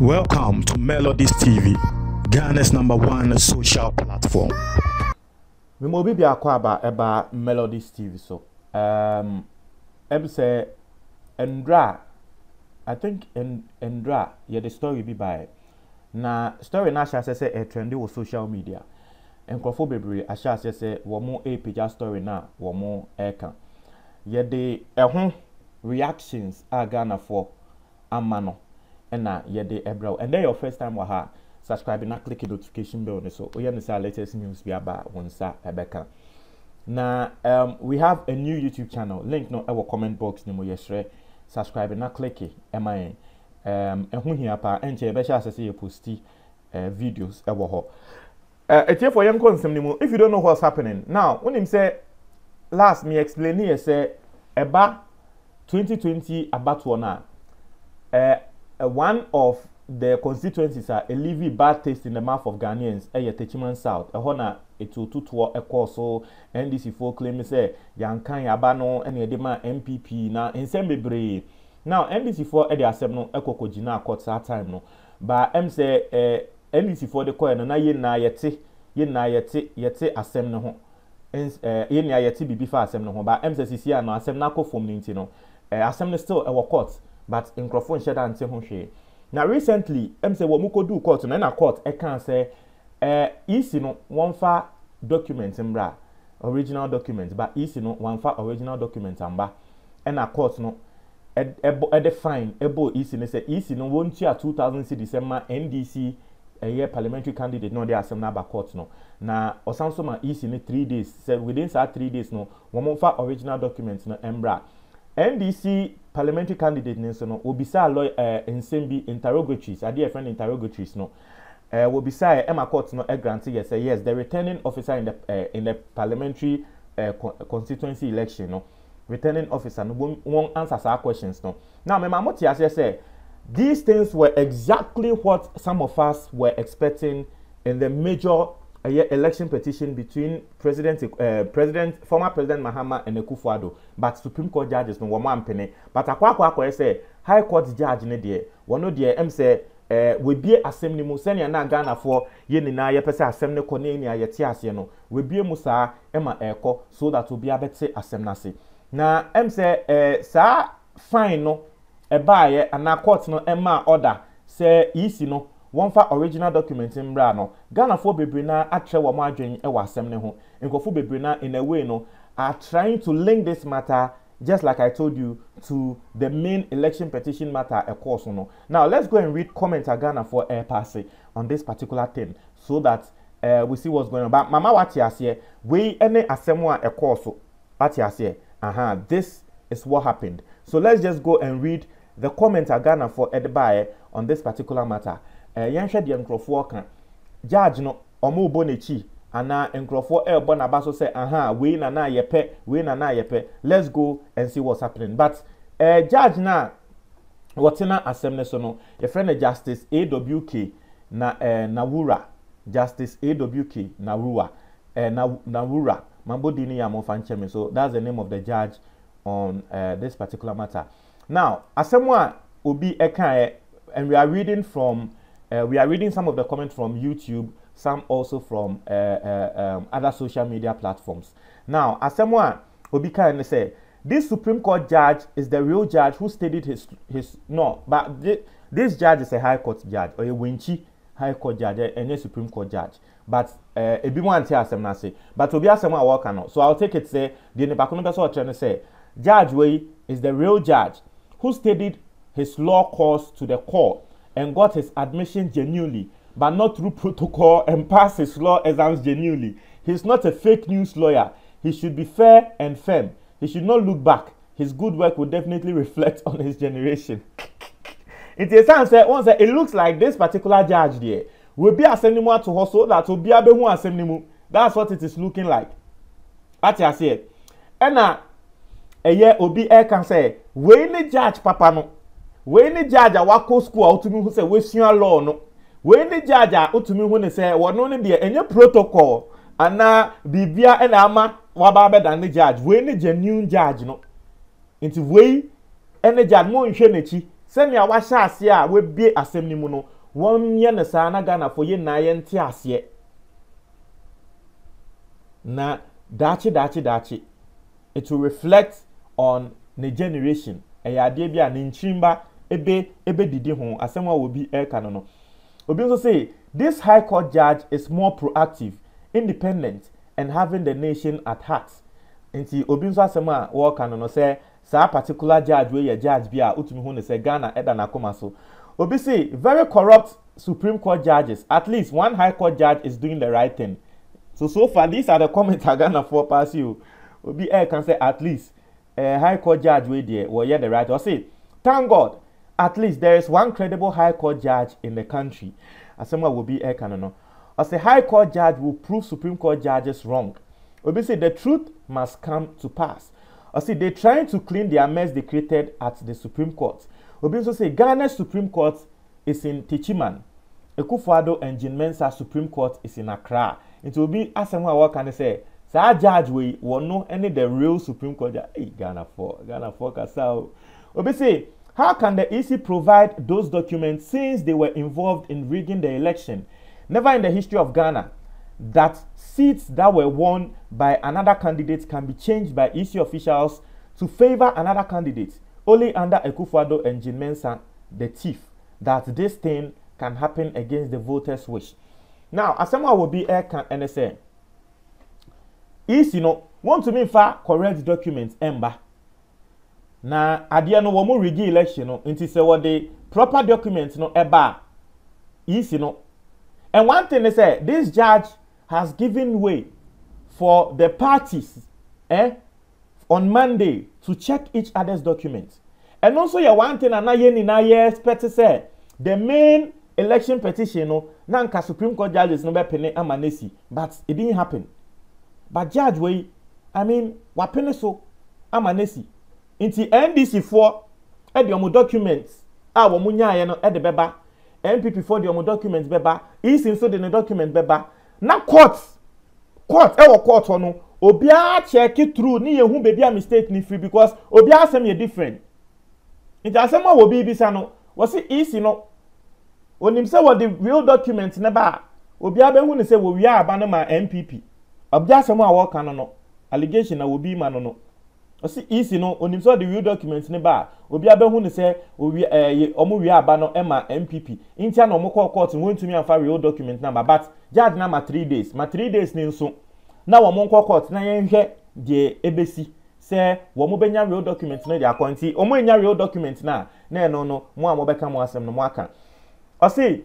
Welcome to Melodies TV, Ghana's number one social platform. Memo bi bia kwa ba eba Melodies TV so. Um em say Andra, I think en, Endra yeah the story bi by na story na ahyɛ asɛ sɛ ɛtrendi e wɔ social media nkurɔfoɔ bebree e ahyɛ asɛ sɛ wɔn apagya story na wɔn ɛka e yɛde ɛho reactions a ghanafoɔ ama no ɛna yɛde ɛbrɛ wo ɛnɛ yɛ your first time wɔ ha subscribe na click notification bell ne so woyɛ ne sɛ latest news bi aba wo nsa ɛbɛka na um, we have a new youtube channel link no ɛwɔ comment box ne mu yɛsrɛ subscribe na click ɛma yɛn um, ɛho hia paa ɛnkyɛ yɛbɛhyɛ asɛ sɛ yɛ posti uh, videos ɛwɔ hɔ uh, etiefo yɛn nkɔ nsɛm ne mu if you don't know what's happening now wonim sɛ last me explain yɛ sɛ ɛba 2020 abatoɔ no a ɛɛ one of the constituencies a uh, bad taste in the mouth of ghanaians ɛyɛ uh, eh, techiman south ɛhɔ uh, eh, eh, na etu otutuo ɛkɔɔ so ndc fo claim sɛ yankan yaba no ɛna yɛde ma npp na nsɛm bebree now ndc fo ɛde asɛm no ɛkɔkɔ gyina akɔ saa time no ba M sɛ ɛɛ ndc fo de kɔɛ no na yɛn na yɛte yɛn na yɛte yɛte asɛm no ho ɛns ɛɛ yɛn na yɛte bibi fa asɛm no ho ba ɛm sɛ sisi ano asɛm n'akɔ fam ne nti no. Eh, assembly no still ɛwɔ eh, court but nkurɔfoɔ nhyɛ da nte ho hwee na recently ɛm sɛ wɔn mu kɔduu court na ɛna court ɛka sɛ ɛɛ ec no wɔnfa document mbra original document ba ec no wɔnfa original document amba ɛna eh, court no ɛbɔ ɛde fine ɛbɔ ec no sɛ ec no wɔn tua two thousand cedis ɛma ndc ɛyɛ parliamentary candidate na ɔde asɛm n'aba court no na ɔsan so ma ec no three days sɛ within saa three days no wɔn fa original document no mbra ndc parliamentary candidate ne nso no obisaa lɔ ɛɛ eh, nsɛm bi interrogatories adeɛ yɛfrɛ no interrogatories no ɛɛ eh, obisaa yɛ eh, ɛma court no ɛgrante yɛ sɛ yes the returning officer in the ɛɛ uh, in the parliamentary ɛɛ uh, constituency election no returning officer no wɔn answer saa questions no now mɛma mo te aseɛ sɛ these things were exactly what some of us were expecting in the major ɛyɛ election petition between president uh, president former president mahama and ekufuado but supreme court judges no wɔn ampene but akɔ akɔ akɔyɛ high court judge ne deɛ wɔn deɛ ɛm sɛ ɛɛ wɔbie asɛm ne mu sɛnea na ghanafoɔ yɛ nyinaa yɛpɛ sɛ asɛm ne kɔ ne nyinaa yɛte aseɛ no wɔbie mu saa ɛma ɛɛkɔ eh, so that obi abɛte asɛm n'ase na ɛm sɛ ɛɛ saa fine no ɛbaayɛ e eh, anaa court no ɛmaa order sɛ yisi no wɔmfa original document mbra no ghanafoɔ bebree na akyerɛ wɔn adwene wɔ asɛm ne ho nkurɔfoɔ bebree na in a way no are trying to link this matter just like i told you to the main election petition matter ɛkɔɔ so no now let's go and read comment a ghanafoɔ ɛrepaase on this particular thing so that uh, we see what's going on but mama wate aseɛ wei ne asɛm a ɛkɔɔ so wate aseɛ aha this is what happened so let's just go and read the comment a ghanafoɔ ɛde baeɛ on this particular matter. Eh, yɛnhwɛ deɛ nkurɔfoɔ ka gyaagye no ɔmo bɔ n'akyi anaa nkurɔfoɔ ɛrebɔ n'aba so sɛ aha wei na na yɛpɛ wei na na yɛpɛ let's go and see what's happening but ɛɛ eh, gyaagye no a wɔtena asɛm no so no yɛfrɛ no justice awk na ɛɛ eh, nawura justice awk nawura ɛɛ na nawura mambo di ni yamofa nkyɛn so that's the name of the judge on uh, this particular matter now asɛm a obi ɛka yɛ and we are reading from. Uh, we are reading some of the comments from YouTube, some also from uh, uh, um, other social media platforms. Now, Asemwa Obika and say, this Supreme Court judge is the real judge who stated his his no, but th this judge is a High Court judge or a Winchi High Court judge and a Supreme Court judge. But uh, ebi mu ante asem na se, but obi asem a wɔka no. So I'll take it say the nipakuno bɛ sɛ ɔkyerɛ no sɛ judge wei is the real judge who stated his law course to the court and got his admission genuinely, but not through protocol and passed his law exams genuinely. He's not a fake news lawyer. He should be fair and firm. He should not look back. His good work will definitely reflect on his generation. it is time say once it looks like this particular judge there will be asem to hustle that will be obi abehu asem nimu that's what it is looking like ati aseɛ ɛna ɛyɛ obi ɛka sɛ wei ne judge papa no wee ne gyaagya wakɔ skuul a wotumi ho sɛ wesua lɔɔ no wei ni gyaagya wotumi ho ne sɛ wɔno ne deɛ ɛnyɛ protocol anaa biribia ɛna ama waba abɛda ne gyaagye wei ne genuine gyaagye no nti wei ɛne gyaagye mo nhwɛ n'akyi sɛnea a wabie asɛm ne mu no wɔnyɛ ne saa na ghanafoɔ aseɛ na daakye daakye ebe ebe didi ho asɛm a obi ɛreka no no obi nso say this high court judge is more proactive independent and having the nation at heart nti obi nso asɛm a wɔreka no no sɛ saa particular judge wey yɛ judge bi a wotumi ho no sɛ ghana ɛda n'akoma so obi say very corrupt supreme court judges at least one high court judge is doing the right thing so so far these are the comments a ghana for pass you obi ɛreka sɛ at least uh, high court judge wey deɛ wɔyɛ the right ɔsi thank god at least there is one credible high court judge in the country asɛm a wobi ɛka no no ɔsɛ high court judge will prove supreme court judges wrong obi say the truth must come to pass ɔsɛ they trying to clean their mess they created at the supreme court obi nso say ghana supreme court is in techiman ekufuado and jim mensa supreme court is in accra nti obi asɛm a wɔka say? sɛ saa judge wei wɔn no ne the real supreme court judge ghana for ghana for kasa o obi say. How can the EC provide those documents since they were involved in rigging the election? Never in the history of Ghana that seats that were won by another candidate can be changed by EC officials to favor another candidate, only under Ekufuado and Jim Mensah, the thief, that this thing can happen against the voters' wish. Now, Asema will be air NSA. EC, you know, want to mean far correct documents, Ember na adeɛ no wɔn regi election no nti sɛ wɔde proper document no ɛba a no and one thing is say this judge has given way for the parties eh, on monday to check each other's documents And also, yɛ one thing a na yɛn nyinaa yɛ expect sɛ the main election petition no na nka supreme court judges no bɛpene ama n'esi but it didn't happen but judge wei i mean wapene so ama n'esi nti ndc foɔ ɛde wɔn document a wɔn nyaayɛ no ɛde bɛba npp foɔ de wɔn document bɛba ec nso de ne document bɛba na court court ɛwɔ court hɔ no obiara check through ne yɛn ho baabi a mistake ni firi because obiara asɛm yɛ different nti asɛm a wɔ bi bisa no wɔsi ec no onim sɛ wɔde real document ne ba a obiara bɛhu ne sɛ wɔwia aba no ma npp obiara asɛm a wɔreka no no allegation na wɔbi ma no no ɔsi ec no onim sɛ ɔde real document ne ba a obi abɛhu ne sɛ owi ɛɛ ɔmo wie aba no ɛma npp ntia na ɔmo kɔɔ court no wɔntumi anfa real document na ba, but judge na ma three days ma three days ne nso na wɔn nkɔ court na yɛnhwɛ deɛ ebesi sɛ wɔn bɛnya real document no de akɔ nti wɔn enya real document na na ɛno no mo a mo bɛka mo asɛm no mo aka ɔsi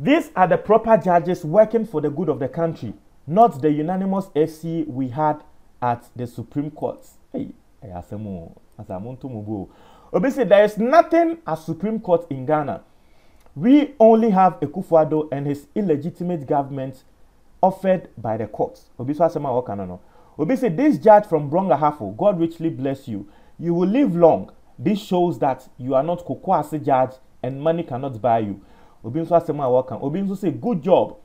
these are the proper judges working for the good of the country not the unanimous fc we had at the supreme court. Hey, I ask him, as I'm on to move. Obviously, there is nothing as Supreme Court in Ghana. We only have Ekufuado and his illegitimate government offered by the courts. Obiswa Sema Okanono. Obi say, This judge from Brongahafo, God richly bless you. You will live long. This shows that you are not Kokwasi judge and money cannot buy you. Obi Nswa Sema Awokan. Obi Nswa say, Good job.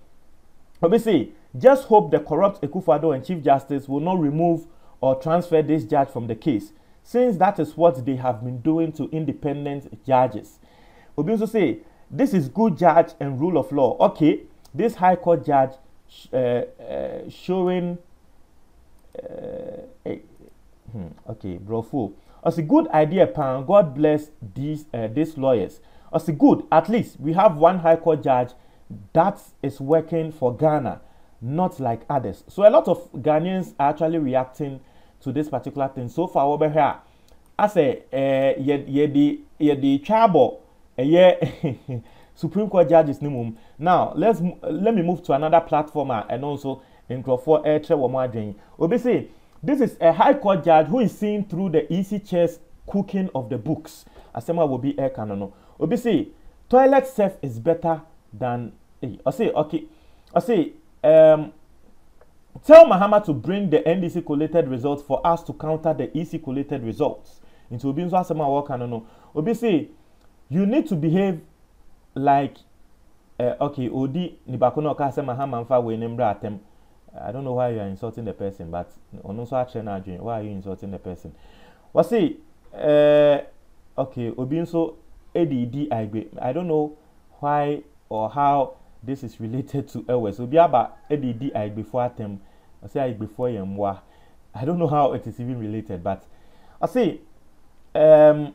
Obi say, Just hope the corrupt Ekufuado and Chief Justice will not remove or transfer this judge from the case, since that is what they have been doing to independent judges. Obi also say, this is good judge and rule of law. Okay, this High Court judge uh, uh, showing, uh, hey, eh, hmm, okay, brofu. It's a good idea, Pan. God bless these uh, these lawyers. As a good. At least we have one High Court judge that is working for Ghana, not like others. So a lot of Ghanaians are actually reacting to this particular thing so far wɔbɛhwɛ a asɛ ɛɛ yɛ yɛde yɛde twa abɔ ɛyɛ supreme court judges ne mu now let's let me move to another platform a ah, ɛno nso nkurɔfoɔ ɛrekyerɛ wɔn adwene obi say this is a high court judge who is seen through the easy chairs cooking of the books asɛm a wobi ɛreka no no obi say toilet self is better than ɛyi eh, ɔsi okay ɔsi ɛɛm. Um, Tell Mahama to bring the NDC collated results for us to counter the EC collated results. Nti obi nso asɛm a no no. Obi say you need to behave like uh, okay odi ni baako na ɔka asɛ Mahama nfa wei ne mmerɛ I don't know why you are insulting the person but ɔno nso akyerɛ why are you insulting the person. Wɔsi ɛɛ uh, eh, okay obi nso edi I don't know why or how this is related to ɛwɛ obi aba ɛde di ayigbefo I say ayigbefo yɛ mmoa i don't know how it is even related but ɔsɛ um,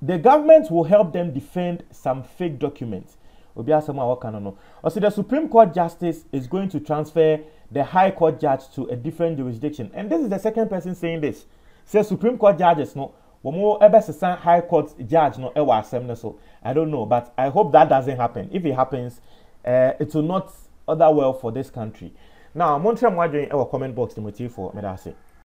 the government will help them defend some fake documents obi asɛm a wɔka no I say the supreme court justice is going to transfer the high court judge to a different jurisdiction and this is the second person saying this sɛ supreme court judges no wɔn ɛbɛsesa high court judge no ɛwɔ asɛm no so i don't know but i hope that doesn't happen if it happens uh, it will not other well for this country now mo n tẹ́ mo adwene comment box ni mo ti fo mi